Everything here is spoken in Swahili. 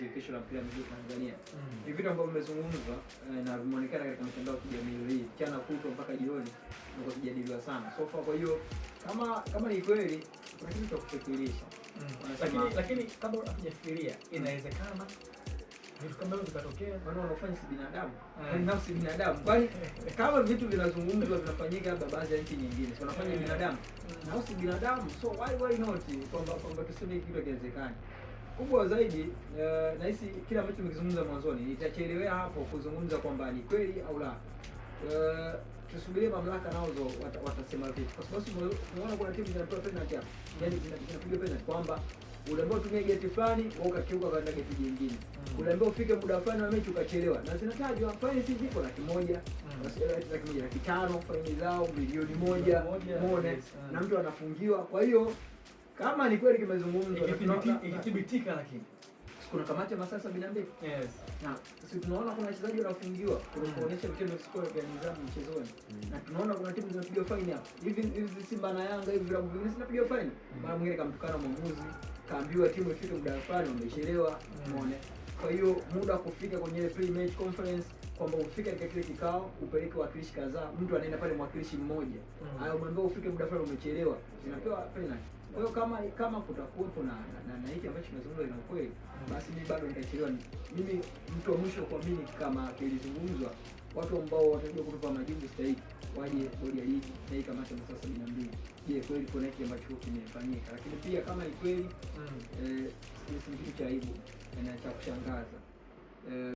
shirikisho la mpira miguu Tanzania. Mm. Ni vitu ambavyo vimezungumzwa eh, na vimeonekana katika mitandao ya kijamii hii kiana kutwa mpaka jioni na kwa kujadiliwa sana so far. Kwa hiyo kama kama ni kweli kuna kitu cha kufikirisha, Mm. lakini kabla hatujafikiria inawezekana vitu kama hivyo vikatokea, maana wanafanya si binadamu, Mm. Na yaani nafsi binadamu. Kwani kama vitu vinazungumzwa vinafanyika labda baadhi ya nchi nyingine, si wanafanya mm. binadamu, Mm. Na nafsi binadamu, so why why not, kwamba kwamba tuseme kitu kinawezekana kubwa zaidi uh, eh, nahisi kile ambacho nimekizungumza mwanzoni, nitachelewea hapo kuzungumza kwamba ni kweli au la. Uh, tusubirie mamlaka nazo wat, watasema vipi, kwa sababu tunaona kuna timu zinatoa penalty hapo, yani zinapiga penalty kwamba uliambiwa utumie geti fulani wao ukakiuka kwenda geti jingine, mm. uliambiwa ufike muda fulani wa mechi ukachelewa, na zinatajwa faini si zipo laki moja mm. eh, laki moja laki tano faini zao milioni moja mone na mtu anafungiwa, kwa hiyo kama ni kweli kimezungumzwa ikithibitika, lakini kuna kamati ya masaa 72. Yes. Na sisi tunaona kuna wachezaji wanafungiwa mm. kuonyesha vitendo visivyo vya nidhamu mchezoni. Mm. Na tunaona kuna timu zinapiga faini hapo. Hivi hizi Simba na Yanga hivi vilabu vingine zinapiga faini. Mm. Mara mwingine kamtukana mwamuzi, kaambiwa timu ifike muda fulani wamechelewa, umeona. Kwa hiyo muda wa kufika kwenye ile pre match conference kwamba ufike katika kile kikao, upeleke wakilishi kadhaa, mtu anaenda pale mwakilishi mmoja mm. Ayo mwambie ufike muda fulani, umechelewa, inapewa penalty. Kwa hiyo kama kama kutakuwepo na na, na hiki ambacho kinazungumzwa ina ukweli, mm. basi mimi bado nitachelewa. Mimi mtu wa mwisho kuamini kama kilizungumzwa watu ambao wanatakiwa kutupa majibu stahiki waje bodi ya ligi na hii kamati ya sabini na mbili. Je, kweli kuna hiki ambacho kimefanyika? Lakini pia kama ni kweli, si mm. eh, kitu cha aibu na cha kushangaza. Eh,